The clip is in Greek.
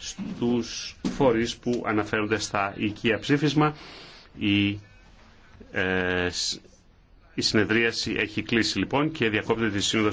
στους φορείς που αναφέρονται στα οικία ψήφισμα. Η, ε, η συνεδρίαση έχει κλείσει λοιπόν και διακόπτεται τη σύνοδος